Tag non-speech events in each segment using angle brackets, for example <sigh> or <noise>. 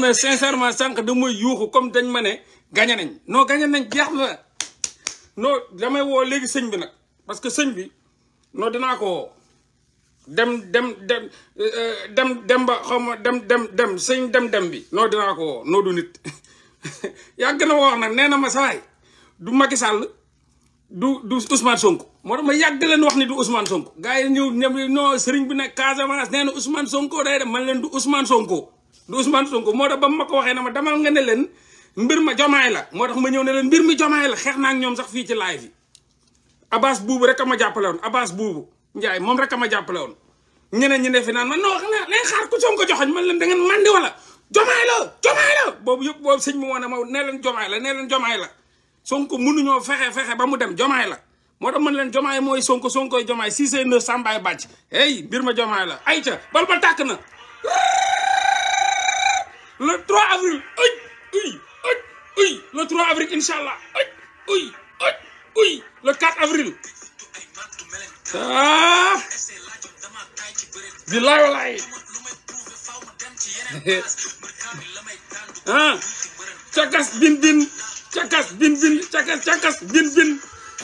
ne sincèrement sànq damay yuuxu comme dañ ma ne gañe noo non gañe nañ jeex na non woo léegi sëñ bi nag parce que sëñ bi non dinaa ko dem dem dem euh, dem dem ba xaw ma dem dem dem sëñ dem dem bi non dinaa ko woo noo du nit <laughs> yàgg na wax nag nee na ma saay du Macky Sall du du Ousmane moo tax ma yàgg leen wax ni du Ousmane Sonko gars yi ñëw ñëw non sëriñ bi nag Casamance nee na Ousmane Sonko day dem man leen du usmaan Sonko du Ousmane Sonko moo tax ba mu ma ko waxee na ma demal nga ne leen mbir ma jomaay la moo tax ma ñëw ne leen mbir mi jomaay la xeex naa ñoom sax fii ci live yi Abbas buubu rek a ma jàppale woon Abbas buubu Ndiaye moom rek a ma jàppale woon ñeneen ñi ne naan man non xanaa lay xaar ku Sonko joxoñ man leen da ngeen mandi wala jomaay la jomaay la boobu yëpp boobu sëñ bi moo ma nee leen jomaay la nee leen jomaay la Sonko mënuñoo fexe fexe ba mu dem jomaay la moo tax leen jomaay mooy Sonko Sonkoy jomaay si seen ne Sambaay bàcc hey mbir ma jomaay la ayca bal ba tàkk na le 3 avril uy uy uy le 3 avril incha allah uy uy uy uy le 4 avril ah bilaay walaay ah! cakas bin bin cakas bin bin cakas bin bin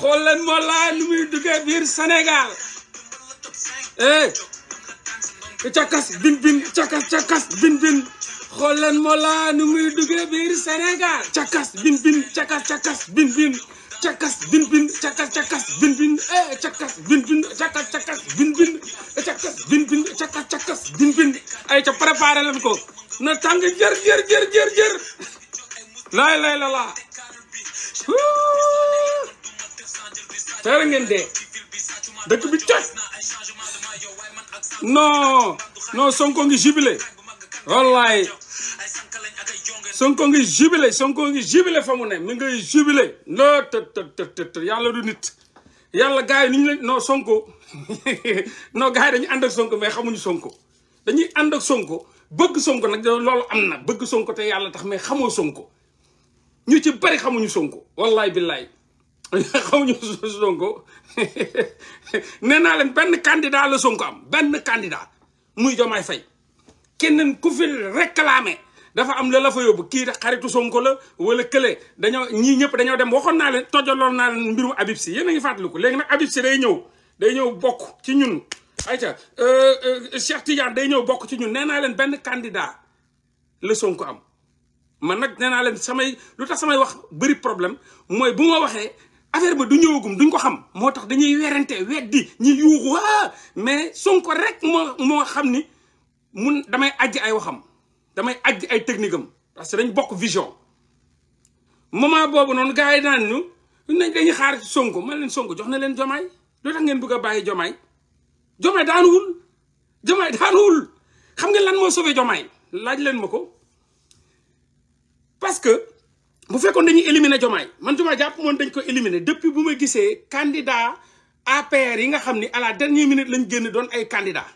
xool leen moo laa nu muy eh! cakas bin bin cakas bin bin xool leen Mollah nu muy duggee biir Sénégal cakas bin bin cakas cakas bin bin cakas bin bin cakas cakas bin bin eh bin bin cakas bin bin eh, cakas bin bin ay ca préparé leen ko na tàng jër jër jër jër jër laay lay la laa tere ngeen de dëkk bi cot non non Sonko ngi jubilé wallaay Sonko ngi jubilé Sonko ngi jubilé fa ne mi ngay jubilé non të të yàlla du nit yàlla gars yi ni ñu la non Sonko <laughs> non gars yi ànd ak Sonko mais xamuñu Sonko dañuy ànd ak Sonko bëgg Sonko nag loolu am na bëgg Sonko te yàlla tax mais xamoo Sonko ñu ci bari xamuñu Sonko wallaay billaay <laughs> xamuñu <laughs> naa leen benn candidat la Sonko am benn candidat muy Diomaye Faye keneen ku fi réclamé dafa am la la fa yóbbu kii de xaritu Sonko la wala kële dañoo ñii ñëpp dañoo dem waxoon naa leen tojaloon naa leen mbiru Habib Sy yéen a ngi fàttaliku léegi nag Habib Sy day ñëw day ñëw bokk ci ñun. ayca euh, euh, Cheikh Tidiane day ñëw bokk ci ñun nee naa leen benn candidat la Sonko am man nag nee naa leen samay lu tax samay wax bëri problème mooy bu ma waxee. affaire ba du ñëwagum duñ ko xam moo tax dañuy werante weddi ñi yuuxu waa ah! mais Sonko rek moo moo xam ni mun damay ajj ay waxam damay aj ay technique am parce que dañ bokk vision moment boobu noonu gars yi naan ñu nañ dañuy xaar ci Sonko man leen Sonko jox na leen jomaay loo tax ngeen bëgg a bàyyi jomaay jomaay daanuwul jomaay daanuwul xam nga lan moo sauvé jomaay laaj leen ma ko parce que bu fekkoon dañuy éliminer jomaay man jomaay jàpp moon dañ ko éliminer depuis bu ma gisee candidat APR yi nga xam ni à la dernière minute lañ génn doon ay candidat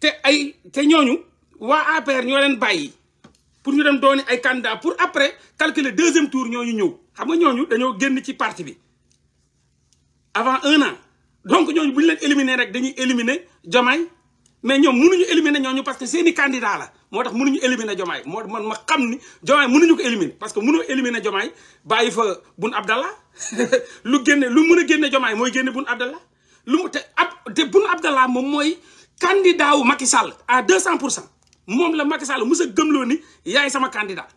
te ay te ñooñu waa APR ñoo leen bàyyi pour ñu dem dooni ay candidat pour après calculer deuxième tour ñooñu ñëw xam nga ñooñu dañoo génn ci parti bi avant un an donc ñooñu bu ñu leen éliminer rek dañuy éliminer Jomaay mais ñoom mënuñu éliminer ñooñu parce que seeni candidat la moo tax mënuñu éliminer Jomaay moo man ma xam ni Jomaay mënuñu ko éliminer parce que mënoo éliminer Jomaay bàyyi fa Boun Abdallah <laughs> lu génne lu mën a génne Jomaay mooy génne Boun Abdallah lu mu te ab te Boun Abdallah moom mooy candidat wu Macky Sall à deux cent pour cent moom la Macky musa mus a gëmloo ni yaay sama candidat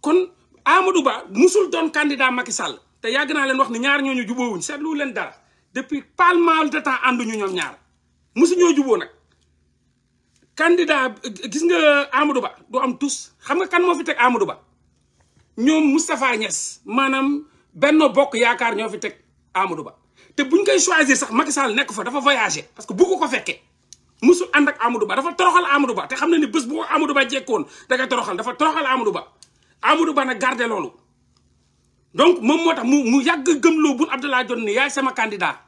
kon Amadou Ba musul doon candidat Macky Sall te yàgg naa leen wax ni ñaar ñooñu jubóowuñ seetlu leen dara depuis pas mal de temps ànduñu ñoom ñaar musu ñoo juboo nag. candidat gis nga Amadou Ba du am tous xam nga kan moo fi teg Amadou Ba ñoom Moustapha Niass maanaam benn Bokk Yaakaar ñoo fi teg Amadou Ba te buñ koy choisir sax Macky Sall nekk fa dafa voyager parce que bu ko ko fekkee. musul ànd ak Amadou Ba dafa toroxal Amadou Ba te xam na ni bés bu ko Amadou Ba jekkoon toroxal dafa toroxal Amadou Ba Amadou Ba nag garder loolu donc moom moo tax mu mu yàgg gëmloo Boun Abdallah Dionne ne sama candidat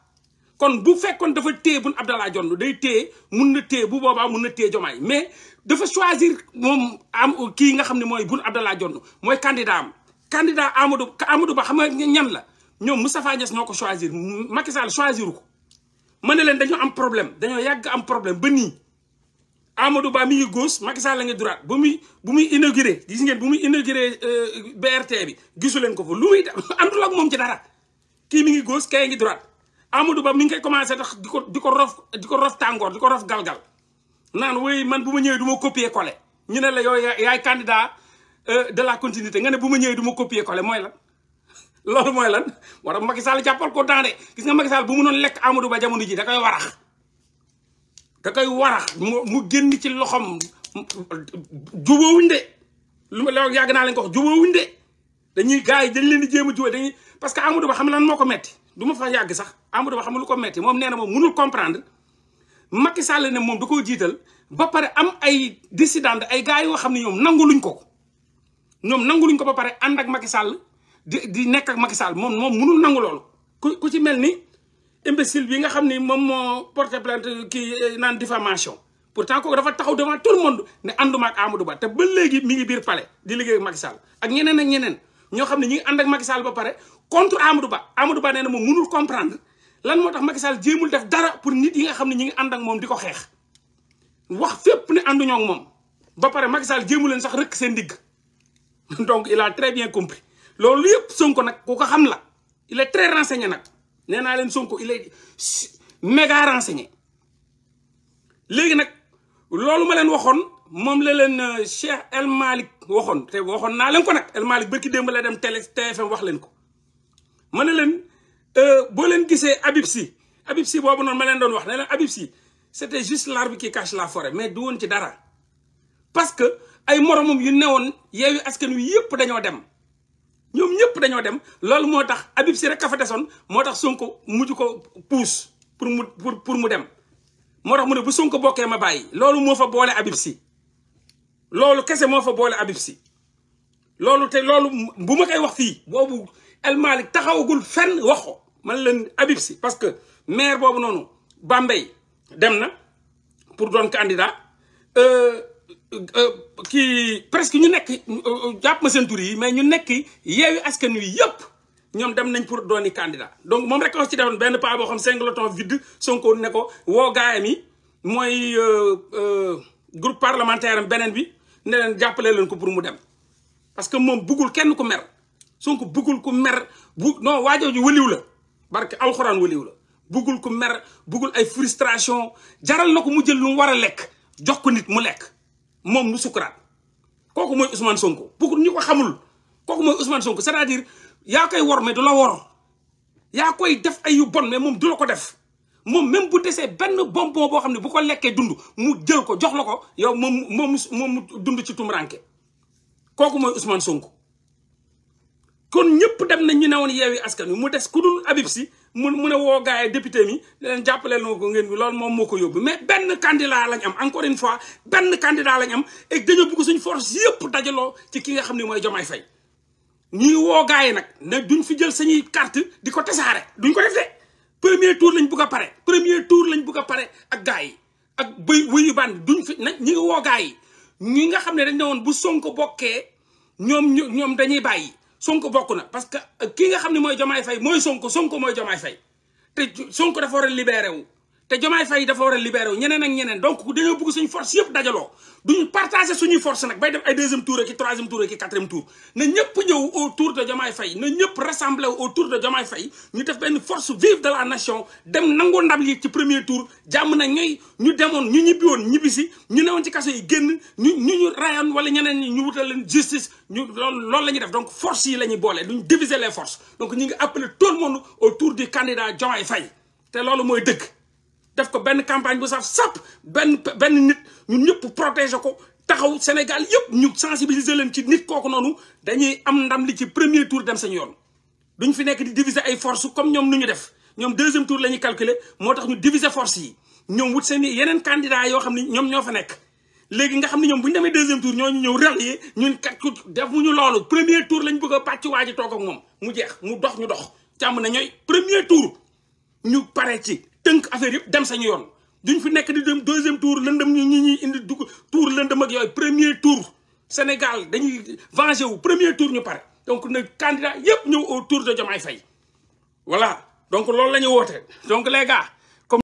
kon bu fekkoon dafa téye Boun Abdallah Dionne day téye mun na téye bu boobaa mun na téye Diomaye mais dafa choisir moom am kii nga xam ne mooy Boun Abdallah jon mooy candidat am candidat Amadou Amadou Ba xam nga ñan la ñoom Moustapha Niasse ñoo ko choisir Macky Sall choisir ko ma ne leen dañoo am problème dañoo yàgg am problème ba nii Amadou Ba mi ngi goos Macky Sall la ngi droite bu muy bu muy inauguré gis ngeen bu muy inauguré euh, BRT bi gisuleen leen ko fa lu muy <laughs> àndul ak moom ci dara kii mi ngi gauche kay ngi droite Amadou Ba mi ngi commencé tax di ko di ko rof di ko rof tàngoor di ko rof galgal naan woy man bu ma ñëwee du ma copier ñu ne la yow yaay candidat euh, de la continuité nga ne bu ma ñëwee du ma copier coller mooy la loolu mooy lan moo tax Macky Sall jàppal ko temps de gis nga Macky Sall bu mu noon lekk Amadou Ba jamono ji da koy warax da koy warax mu génn ci loxom jubóowuñ de lu ma la yàgg naa leen ko wax jubóowuñ de dañuy gars yi dañ leen di jéem a jubóo dañuy parce que Amadou Ba xam lan moo ko metti du ma fa yàgg sax Amadou Ba xam lu ko metti moom nee na moom mënul comprendre Macky Sall ne moom da koo jiital ba pare am ay dissident ay gars yoo xam ne ñoom nanguluñ ko ñoom nanguluñ ko ba pare ànd ak Macky Sall di di nekk ak Macky Sall moom moom mënul nangu loolu ku ku ci mel ni imbécile bi nga xam ni moom moo porté plainte kii eh, naan diffamation pourtant kooku dafa taxaw devant tout le monde ne ànduma ak Amadou Ba te ba léegi mi ngi biir palais di liggéey ak Macky Sall ak ñeneen ak ñeneen ñoo xam ne ñi ngi ànd ak Macky Sall ba pare contre Amadou Ba Amadou Ba nee na moom mënul comprendre lan moo tax Macky Sall jéemul def dara pour nit yi nga xam ne ñi ngi ànd ak moom di ko xeex wax fépp ne ànduñoo ak moom ba pare Macky Sall jéemu leen sax rëkk seen digg <laughs> donc il a très bien compris loolu yëpp Sonko nag ku ko xam la il est très renseigné nag nee naa leen Sonko il est méga renseigné léegi nag loolu ma leen waxoon moom la leen euh, Cheikh El Malick waxoon te waxoon naa leen ko nag El Malick bërki démb la dem télé TFM wax leen ko ma ne leen euh, boo leen gisee Habib Sy Habib Sy boobu noonu ma leen doon wax ne leen Habib Sy c'était juste l'arbre qui cache la forêt mais du woon ci dara parce que ay moromam yu newoon yeeyu askan wi yëpp dañoo dem dañoo dem loolu moo tax Habib Sy rek ka fa desoon moo tax Sonko mujj ko puus pour mu pour pour mu dem moo tax mu ne bu Sonko bokkee ma bàyyi loolu moo fa boole Habib Sy loolu kese moo fa boole Habib Sy loolu te loolu bu ma koy wax fii boobu El Malick taxawagul fenn wax man leen Habib Sy parce que maire boobu noonu Bambey dem na pour doon candidat euh, Euh, euh, kii presque ñu nekk euh, jàpp ma seen tur yi mais ñu nekk yeewi askan wi yëpp ñoom dem nañ pour dooni candidat donc moom rek wax ci defoon benn paa boo xam singleton vide Sonko ne ko woo gaayam mooy groupe parlementaire am beneen bi ne leen jàppale leen ko pour mu dem parce que moom buggul kenn ku mer Sonko buggul ku mer bu non waajooju wëliw la barke alxuraan wëliw la buggul ku mer buggul ay frustration jaral na ko mu jël lu war a lekk jox ko nit mu lekk moom lu sukuraat kooku mooy Ousmane Sonko pour ñu ko xamul kooku mooy Ousmane Sonko c'est-à-dire yaa koy wor mais du la wor yaa koy def ay yu bon mais moom du la ko def moom même bu desee benn bonbon boo xam ne bu ko lekkee dund mu jël ko jox la ko yow moom moom moom dund ci tumuranke kooku mooy usmaan Sonko kon ñëpp dem nañ ñu ne woon yeewi askan wi mu des ku dul Habib Sy mu mun a woo gars yi député mi leen jàppaleel ma ko ngeen bi loolu moom moo ko yóbbu mais benn candidat lañ am encore une fois benn candidat lañ am et dañoo bëgg suñ force yëpp dajaloo ci ki nga xam ne mooy Diomaye Faye ñii woo gars yi nag ne duñ fi jël sañuy carte di ko tasaare duñ ko def de premier lañ bëgg a pare premier tour lañ bëgg a pare ak gars yi ak bëy wuyu bànn duñ fi nag ñi ngi woo gars yi ñi nga xam ne dañ ne bu Sonko bokkee ñoom ñoom dañuy bàyyi Sonko bokk na parce que kii nga xam ni mooy Diomaye fay mooy Sonko Sonko mooy Diomaye fay te Sonko dafa war a wu te Diomaye Faye dafa war a libéré ñeneen ak ñeneen donc dañoo bëgg suñu force yëpp dajaloo duñu partager suñuy force nag bay def ay deuxième tour ki troisième tour ki quatrième tour na ñëpp ñëw autour de Diomaye Faye na ñëpp ñu def benn force vive de la nation dem nangu yi ci premier tour jàmm na ñooy ñu demoon ñu ñibbi woon ñibbi si ñu newoon ci kaso yi génn ñu ñu ñu rayoon wala ñeneen ñi ñu wutal leen justice ñu loolu loolu la ñuy def donc force yi la ñuy boole duñ diviser les forces donc ñu ngi appeler tout le monde autour du candidat Diomaye Faye te loolu mooy dëgg def ko benn campagne bu saf sàpp benn benn nit ñun ñëpp protéger ko taxaw Sénégal yëpp ñu sensibiliser leen ci nit kooku noonu dañuy am ndam li ci premier tour dem sañu yoon. duñ fi nekk di diviser ay force comme ñoom nu ñu def ñoom deuxième tour la ñuy calculer moo tax ñu diviser force yi ñoom wut seen yeneen candidats yoo xam ne ñoom ñoo fa nekk. léegi nga xam ne ñoom bu ñu demee deuxième tour ñooñu ñëw rallier ñun kat defuñu loolu premier tour lañ bëgg a pàcc waa ji toog ak moom mu jeex mu dox ñu dox. jàmm na ñooy premier tour ñu pare ci tënk affaire yëpp dem sañu yoon ñu fi nekk di dem deuxième tour lëndëm ñu ñu ñuy indi dugg tour lëndëm mag yooyu premier tour Sénégal dañuy venger wu premier tour ñu pare donc na candidat yëpp ñëw au tour de Diomaye fay voilà donc loolu la ñu woote donc les